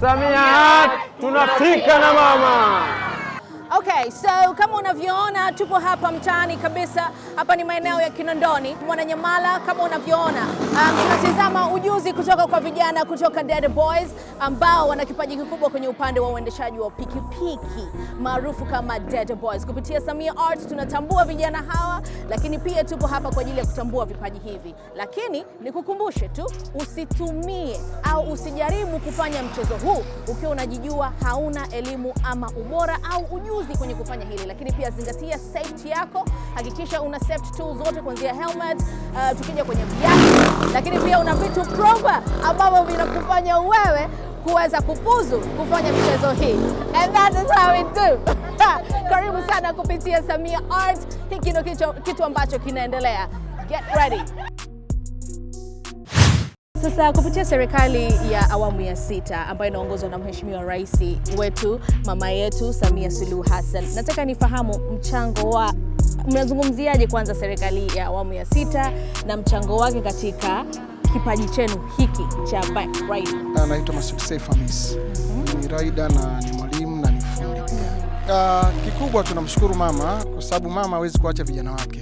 Samia, tunafika na mama Okay, so kama unavyoona tupo hapa mtaani kabisa. Hapa ni maeneo ya Kinondoni, Mwananyamala. Kama unavyoona um, tunatizama um, ujuzi kutoka kwa vijana kutoka Dead Boys ambao wana kipaji kikubwa kwenye upande wa uendeshaji wa pikipiki maarufu kama Dead Boys. Kupitia Samia Arts tunatambua vijana hawa, lakini pia tupo hapa kwa ajili ya kutambua vipaji hivi. Lakini nikukumbushe tu, usitumie au usijaribu kufanya mchezo huu ukiwa unajijua hauna elimu ama ubora au ujuzi ujuzi kwenye kufanya hili, lakini pia zingatia safety yako. Hakikisha una safety tools zote kuanzia helmet, uh, tukija kwenye viatu, lakini pia una vitu proper ambavyo vinakufanya wewe kuweza kufuzu kufanya michezo hii. And that is how we do. Karibu sana kupitia Samia Art. Hiki ndio kitu ambacho kinaendelea. Get ready. Sasa kupitia serikali ya awamu ya sita ambayo inaongozwa na Mheshimiwa Rais wetu mama yetu Samia Suluhu Hassan, nataka nifahamu mchango wa mnazungumziaje kwanza serikali ya awamu ya sita na mchango wake katika kipaji chenu hiki cha bike riding. Anaitwa ah, Masud Saif Hamis. Mhm. Ni rider na ni mwalimu na ni fundi pia. Uh, kikubwa tunamshukuru mama kwa sababu mama hawezi kuacha vijana wake.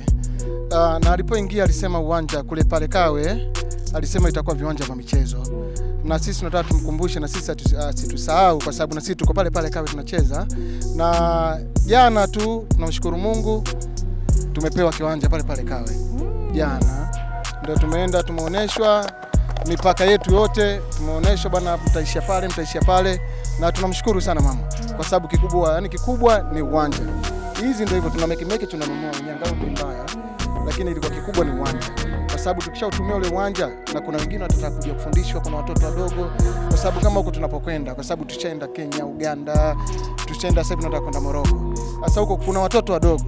Uh, na alipoingia alisema uwanja kule pale Kawe alisema itakuwa viwanja vya michezo, na sisi tunataka tumkumbushe na sisi asitusahau, ah, kwa sababu na sisi tuko pale pale Kawe tunacheza. Na jana tu tunamshukuru Mungu tumepewa kiwanja pale pale Kawe, jana ndio tumeenda tumeoneshwa mipaka yetu yote tumeoneshwa bwana, mtaishia pale, mtaishia pale, na tunamshukuru sana mama, kwa sababu kikubwa, yani kikubwa ni uwanja. Hizi ndio hivyo, tuna meki meki, tunanunua nyangao mbaya, lakini ilikuwa kikubwa ni uwanja kwa sababu tukishautumia ule uwanja na kuna wengine watataka kuja kufundishwa, kuna watoto wadogo, kwa sababu kama huko tunapokwenda, kwa sababu tushaenda Kenya, Uganda, tushaenda sasa tunataka kwenda Morocco. Sasa huko kuna watoto wadogo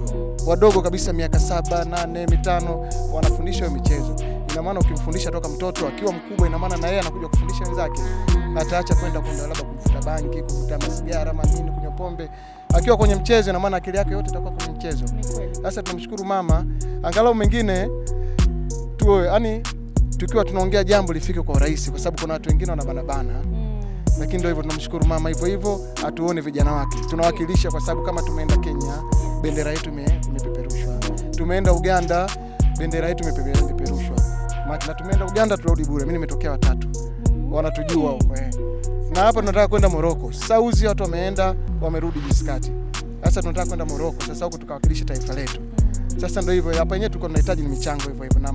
wadogo kabisa, miaka saba, nane, mitano, wanafundishwa hiyo michezo. Ina maana ukimfundisha toka mtoto akiwa mkubwa, ina maana na yeye anakuja kufundisha wenzake, ataacha kwenda kwenda labda kuvuta bangi, kuvuta masigara, manini, kunywa pombe. Akiwa kwenye mchezo, ina maana akili yake yote itakuwa kwenye mchezo. Sasa tunamshukuru mama, angalau mengine tu wewe, yani, tukiwa tunaongea jambo lifike kwa urahisi, kwa sababu kuna watu wengine wanabanabana mm. Lakini ndio hivyo, tunamshukuru mama hivyo hivyo, atuone vijana wake tunawakilisha, kwa sababu kama tumeenda Kenya bendera yetu imepeperushwa, tumeenda Uganda bendera yetu imepeperushwa, na tumeenda Uganda turudi bure. Mimi nimetokea watatu mm-hmm. wanatujua huko eh, na hapa tunataka kwenda Morocco. Sauzi watu wameenda wamerudi jisikati, sasa tunataka kwenda Morocco. sasa huko tukawakilisha taifa letu. Mm. Sasa ndio hivyo hapa yenyewe tuko tunahitaji ni michango hivyo hivyo na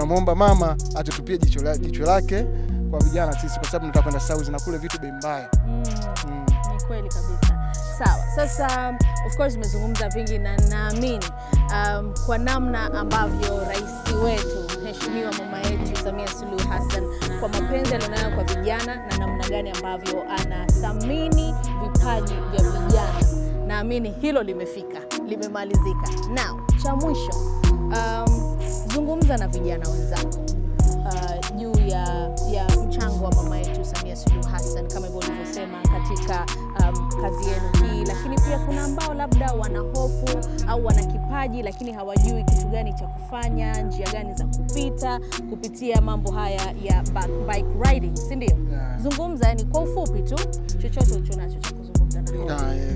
tunamwomba mama atutupie jicho, jicho lake kwa vijana sisi, kwa sababu tunataka kwenda Saudi na kule vitu bei mbaya. Mm, mm. Ni kweli kabisa. Sawa, sasa of course umezungumza vingi na naamini um, kwa namna ambavyo rais wetu mheshimiwa mama yetu Samia Suluhu Hassan kwa mapenzi alionayo kwa vijana na namna gani ambavyo anathamini vipaji vya vijana, naamini hilo limefika limemalizika. Now cha mwisho um, kuzungumza na vijana wenzako uh, juu ya, ya mchango wa mama yetu Samia Suluhu Hassan kama hivyo ulivyosema katika um, kazi yenu hii, lakini pia kuna ambao labda wana hofu au wana kipaji lakini hawajui kitu gani cha kufanya, njia gani za kupita kupitia mambo haya ya back, bike riding, si ndio? Yeah. Zungumza yani kwa ufupi tu chochote nacho cha kuzungumza na. Yeah,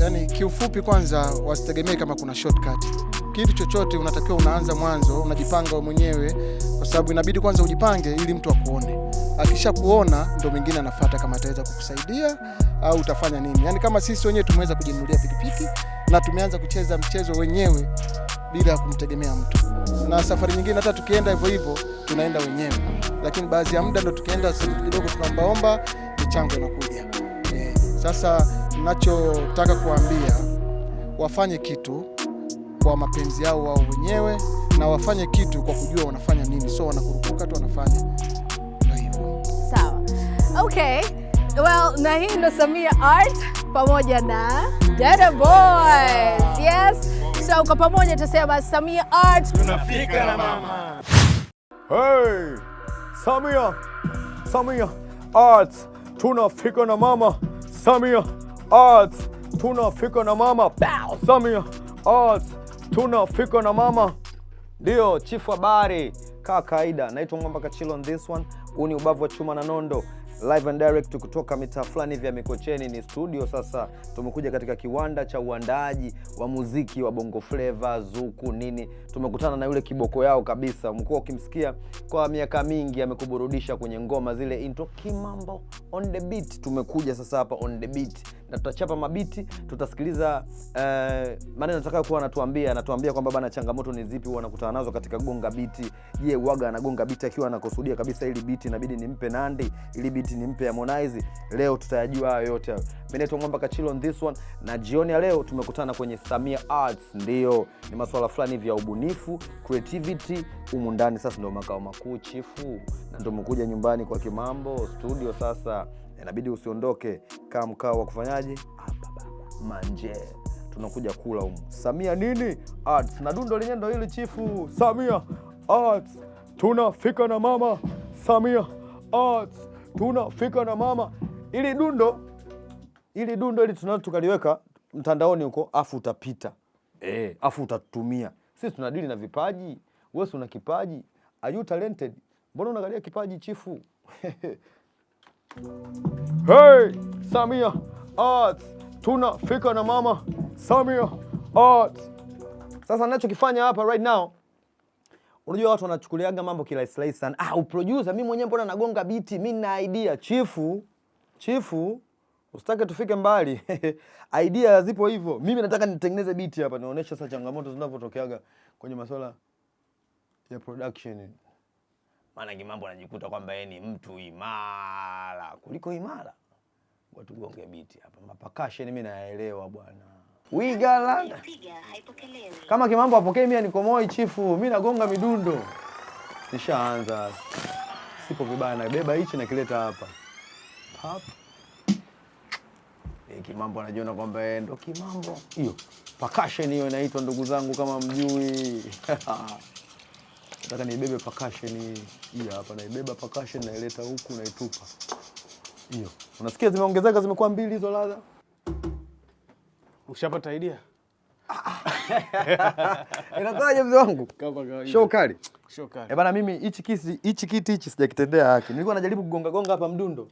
yani kiufupi, kwanza wasitegemee kama kuna shortcut kitu chochote unatakiwa unaanza mwanzo, unajipanga mwenyewe, kwa sababu inabidi kwanza ujipange ili mtu akuone. Akisha kuona ndo mwingine anafuata, kama ataweza kukusaidia au utafanya nini. Yani kama sisi wenyewe tumeweza kujinunulia pikipiki na tumeanza kucheza mchezo wenyewe bila ya kumtegemea mtu, na safari nyingine hata tukienda hivyo hivyo tunaenda wenyewe, lakini baadhi ya muda ndo tukienda sehemu kidogo tunaombaomba, michango inakuja. Eh, sasa nachotaka kuambia wafanye kitu kwa mapenzi yao wao wenyewe, na wafanye kitu kwa kujua wanafanya nini, so wanakurupuka tu wanafanya hivyo. Sawa, okay, well, na hii ndo Samia Art pamoja na Dada Boys. Yes, so kwa pamoja tutasema Samia Art tunafika na mama. Hey, Samia Samia Art tunafika na mama. Samia Art tunafika na mama. Bow, Samia Art Tuna fika na mama ndio chifu habari. Kaa kawaida, naitwa Mwamba Kachilo on this one. Huu ni ubavu wa chuma na nondo live and direct kutoka mitaa fulani vya Mikocheni. Ni studio sasa, tumekuja katika kiwanda cha uandaji wa muziki wa Bongo Flava, Zuku nini. Tumekutana na yule kiboko yao kabisa, umekuwa ukimsikia kwa miaka mingi, amekuburudisha kwenye ngoma zile into kimambo on the beat. Tumekuja sasa hapa on the beat na tutachapa mabiti, tutasikiliza uh, maneno kuwa anatuambia. Anatuambia kwamba bana, changamoto ni zipi huwa anakutana nazo katika gonga biti. Je, waga anagonga biti akiwa anakusudia kabisa, ili biti inabidi nimpe nandi, ili biti beti ni mpe Harmonize, leo tutayajua hayo yote hayo. Mimi naitwa Mwamba Kachilo on this one, na jioni ya leo tumekutana kwenye Samia Arts, ndiyo ni masuala fulani vya ubunifu creativity humu ndani. Sasa ndio makao makuu chifu, na ndio nyumbani kwa kimambo studio. Sasa inabidi usiondoke, kaa mkao wa kufanyaje hapa ah, baba manje tunakuja kula humu Samia nini Arts, na dundo lenyewe ndo hili chifu, Samia Arts tunafika na mama Samia Arts tuna fika na mama ili dundo ili dundo ili tunao tukaliweka mtandaoni huko, afu utapita eh, afu utatumia. Sisi tunadili na vipaji, wewe una kipaji, are you talented? Mbona unaangalia kipaji chifu? Hey, Samia Arts tunafika na mama Samia Arts. Sasa nachokifanya hapa right now Unajua watu wanachukuliaga mambo kilaisirahisi sana. Ah, uproducer mimi mwenyewe mbona nagonga biti, mimi na idea. Chifu, chifu, usitake tufike mbali. Idea zipo hivyo. Mimi nataka nitengeneze biti hapa, naonesha sasa changamoto zinavyotokeaga kwenye masuala ya production. Maana ni mambo anajikuta kwamba yeye ni mtu imara kuliko imara. Watu gonge biti hapa. Mapakasheni mimi naelewa bwana. Wigalanda. Kama kimambo apokee, mimi nikomoi chifu, mimi nagonga midundo. Nishaanza. Sipo vibaya na beba hichi na kileta hapa. Pap. E, eh, kimambo anajiona kwamba ndo kimambo. Hiyo. Percussion hiyo inaitwa ndugu zangu kama mjui. Nataka nibebe percussion hii hapa, naibeba percussion naileta huku naitupa. Hiyo. Unasikia zimeongezeka, zimekuwa mbili hizo ladha. Ushapata idea? Inakuwaje mzee wangu? Show kali. Show kali. Eh, bana mimi hichi kiti hichi kiti hichi sijakitendea haki. Nilikuwa najaribu kugonga gonga hapa mdundo.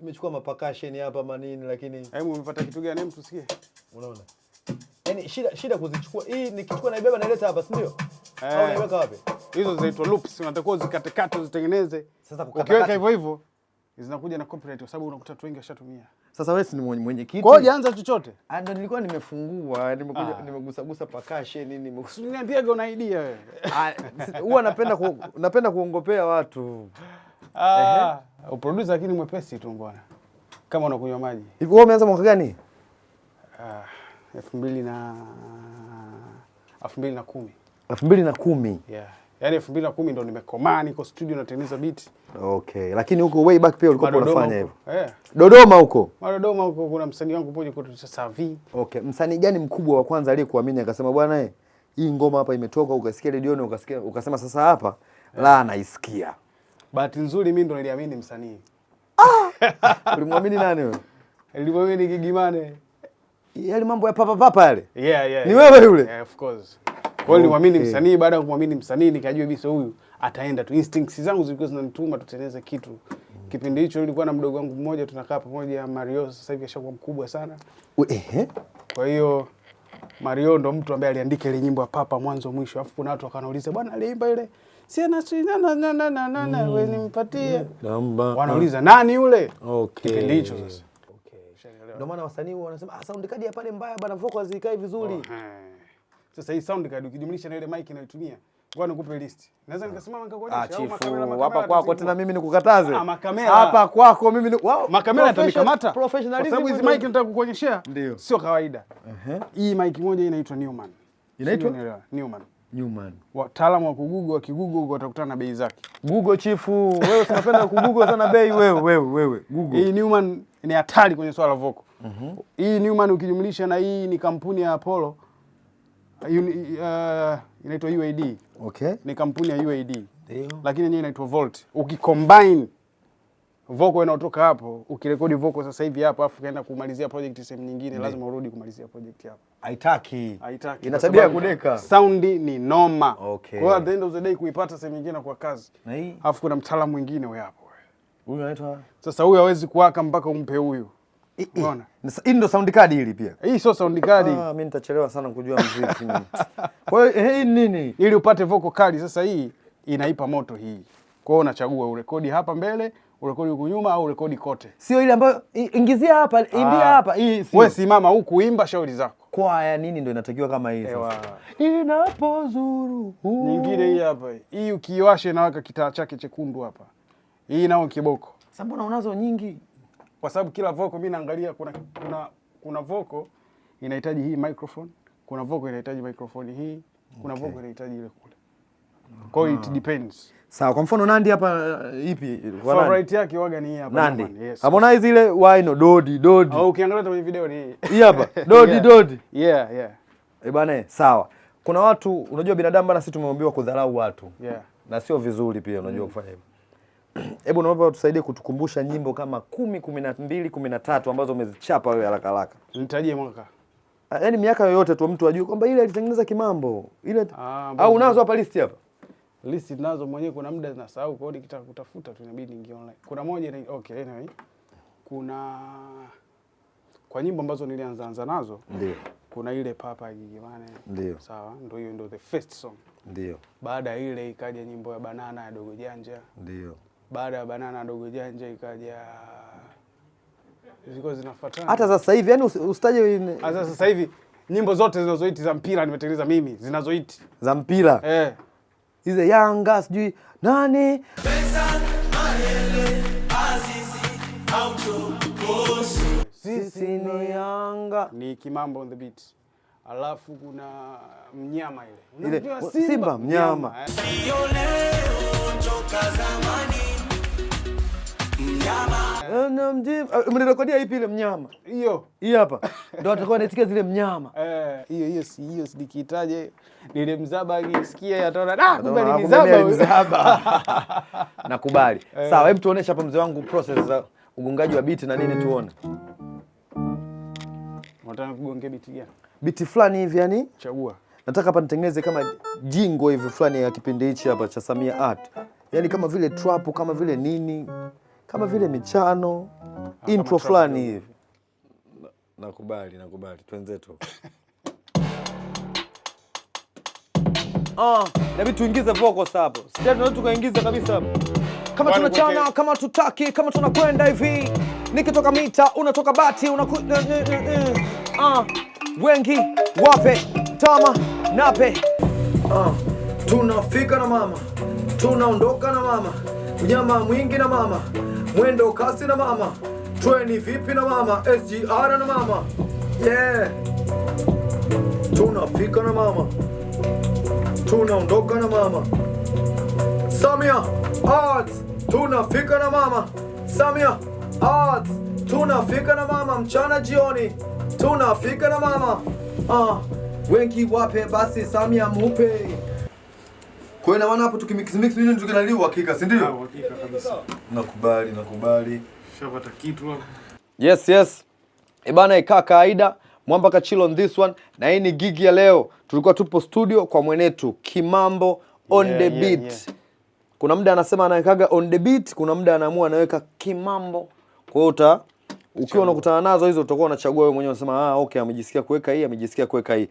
Nimechukua mapakasheni hapa manini lakini. Hebu umepata kitu gani hem tusikie? Unaona? Yaani shida shida kuzichukua. Hii nikichukua naibeba naileta hapa, si ndio? Eh. Au naiweka wapi? Hizo zinaitwa loops, unatakiwa zikatekate uzitengeneze. Sasa kukata. Ukiweka hivyo hivyo zinakuja na complaint, kwa sababu unakuta watu wengi washatumia. Sasa wewe si mwenyekiti. Kwa hiyo anza chochote. Ah, ndio nilikuwa nimefungua, nimekuja ah, nimegusagusa pakashe nini, nimegusa. Niambiaga una idea wewe. Ah, huwa napenda ku, napenda kuongopea watu. Ah, uh, producer lakini mwepesi tu mbona. Kama unakunywa maji. Hivi wewe umeanza mwaka gani? Ah, 2000 na 2010. 2010. Yeah. Yaani 2010 ndo nimekomaa niko studio natengeneza beat. Okay. Lakini huko way back pia ulikuwa unafanya hivyo. Eh. Dodoma huko. Dodoma huko kuna msanii wangu mmoja kwa Savi. Okay. Msanii gani mkubwa wa kwanza aliyekuamini akasema bwana eh hii ngoma hapa imetoka ukasikia redioni ukasikia ukasema sasa hapa eh, la naisikia. Bahati nzuri mimi ndo niliamini msanii. Ah! Ulimwamini nani wewe? Nilimwamini Gigimane. Yale mambo ya papa papa yale. Yeah, yeah. Ni wewe yule? Yeah, of course. Kwa hiyo nilimwamini okay, msanii. Baada ya kumwamini msanii, nikajua bisa huyu ataenda tu, instincts zangu zilikuwa zinanituma tutengeneze kitu. Kipindi hicho nilikuwa na mdogo wangu mmoja, tunakaa pamoja Mario, sasa hivi ashakuwa mkubwa sana. Ehe, kwa hiyo Mario ndo mtu ambaye aliandika ile nyimbo ya Papa mwanzo mwisho, alafu kuna watu wakanauliza, bwana aliimba ile na na na na na na na mm. Si wewe nimpatie, wanauliza nani yule? Okay, kipindi hicho sasa. Okay, ndio maana wasanii wanasema ah, sound card ya pale mbaya bana, vocals zikai vizuri. Oh, hey. Sasa hii sound card ukijumlisha na ile mic inayotumia ngoja nikupe list. Naweza nikasimama nikakuonyesha au makamera hapa kwako tena mimi nikukataze. Ah, hapa kwako mimi ni wow, makamera itanikamata. Professionalism. Sababu hizi mic nataka kukuonyeshea sio kawaida. Uh-huh. Hii mic moja inaitwa Neumann. Inaitwa Neumann. Neumann. Wataalamu wa kugugu wa kigugu kigugo watakutana na bei zake. Google chifu, wewe unapenda kugugu sana bei wewe wewe wewe. Google. Hii Newman ni hatari kwenye swala la voko. Mhm. Mm Hii Newman ukijumlisha na hii ni kampuni ya Apollo. Uh, uh, inaitwa UAD. Okay. Ni kampuni ya UAD. Ndio. Lakini yenyewe inaitwa Volt. Ukicombine voko inaotoka hapo, ukirekodi voko sasa hivi hapo afu kaenda kumalizia project sehemu nyingine, lazima urudi kumalizia project hapo. Haitaki. Haitaki. Ina tabia ya kudeka. Sound ni noma. Okay. Kwa hiyo at the end of the day kuipata sehemu nyingine kwa kazi. Na hii. Afu kuna mtaalamu mwingine wewe hapo wewe. Huyu anaitwa? Sasa huyu hawezi kuwaka mpaka umpe huyu. Hii ndo sound card hili pia. Hii sio sound card. Ah, mimi nitachelewa sana kujua muziki mimi. Kwa hiyo hii nini? Ili upate vocal kali sasa hii inaipa moto hii. Kwa hiyo unachagua urekodi hapa mbele, urekodi huku nyuma au urekodi kote. Sio ile ambayo ingizia hapa, imbia ah, hapa. Hii sio. Wewe simama huku imba shauri zako. Kwaya nini ndo inatakiwa kama hii sasa. Inapozuru. Nyingine hii hapa. Hii ukiwashe inawaka kitaa chake chekundu hapa. Hii nao kiboko. Sasa mbona unazo nyingi? kwa sababu kila voko mimi naangalia kuna, kuna, kuna voko inahitaji hii microphone, kuna voko inahitaji microphone hii, kuna okay, voko inahitaji ile kule. Kwa hiyo it ah. depends. Sawa, kwa mfano Nandi hapa eh, ipi? Favorite yake waga ni hapa. Nandi. Yes. Harmonize ile why no dodi dodi. Au oh, ukiangalia kwenye video ni hii. Hii hapa. Dodi yeah. Dodi. Yeah, yeah. Eh, bana, eh, sawa. Kuna watu unajua binadamu bana, sisi tumeambiwa kudharau watu. Yeah. Na sio vizuri pia unajua mm, kufanya hivyo hebu naomba utusaidie kutukumbusha nyimbo kama kumi, kumi na mbili, kumi na tatu ambazo umezichapa wewe haraka haraka. Nitajie mwaka ah, yaani miaka yoyote tu mtu ajue kwamba ile alitengeneza kimambo ile ah, au unazo hapa listi hapa? Listi nazo mwenyewe, kuna muda zinasahau, kwa hiyo nikitaka kutafuta tu inabidi niingie online. Kuna moja ni okay, anyway. Kuna kwa nyimbo ambazo nilianza anza nazo ndio kuna ile papa gigimane ndio sawa, ndio hiyo ndio the first song ndio. Baada ya ile ikaja nyimbo ya banana ya dogo janja ndio baada ya banana ndogo janja ikaja ziko zinafuatana. Hata sasa hivi yani usitaje, hata sasa hivi nyimbo zote zinazoiti za mpira nimetengeneza mimi, zinazoiti za mpira eh, hizo Yanga sijui nani sisi ni Yanga ni Kimambo on the beat alafu kuna mnyama ile ile Simba, Simba mnyama sio eh. eh, eh, mlirekodia ipi ile mnyama hiyo hii hapa ndo atakuwa anaisikia zile mnyama hiyo hiyo si hiyo sinikitaje nile mzaba alisikia ataona da ah, kumbe ni mzaba nakubali sawa hebu tuoneshe hapa mzee wangu process za ugungaji wa biti na nini tuone unataka kugonge biti gani biti fulani hivi yani, chagua nataka hapa nitengeneze kama jingo hivi fulani ya kipindi hichi hapa cha Samia Art, yani kama vile trap, kama vile nini, kama vile michano ha, ah, intro fulani hivi. Nakubali, na nakubali, twenzetu Ah, uh, na nabii tuingize vocals hapo. Sasa tunaweza tukaingiza kabisa hapo. Kama tunachana, kama tutaki, kama tunakwenda hivi. Nikitoka mita, unatoka bati, unaku... Eh, eh, eh, ah. Uh, uh, uh, uh wengi wape tama nape. Uh, tunafika na mama, tunaondoka na mama, mnyama mwingi na mama, mwendo kasi na mama, treni vipi na mama, SGR na mama yeah. Tunafika na mama, tunaondoka na mama, Samia Arts. Tunafika na mama, Samia Arts. Tunafika na mama, mchana jioni tunafika na mama ah, wengi wape basi Samia mupe kwa na wana hapo tukimix mix nini tukinaliwa hakika, si ndio? Ah, hakika kabisa. Nakubali, nakubali. Shapata kitu hapo. Yes, yes. E bana, ikaa kawaida mwamba kachilo on this one, na hii ni gigi ya leo. Tulikuwa tupo studio kwa mwenetu Kimambo on yeah, the beat yeah, yeah. Kuna muda anasema anawekaga on the beat, kuna muda anaamua anaweka Kimambo. Kwa hiyo uta ukiwa unakutana nazo hizo utakuwa unachagua wewe mwenyewe unasema, ah, okay amejisikia kuweka hii amejisikia kuweka hii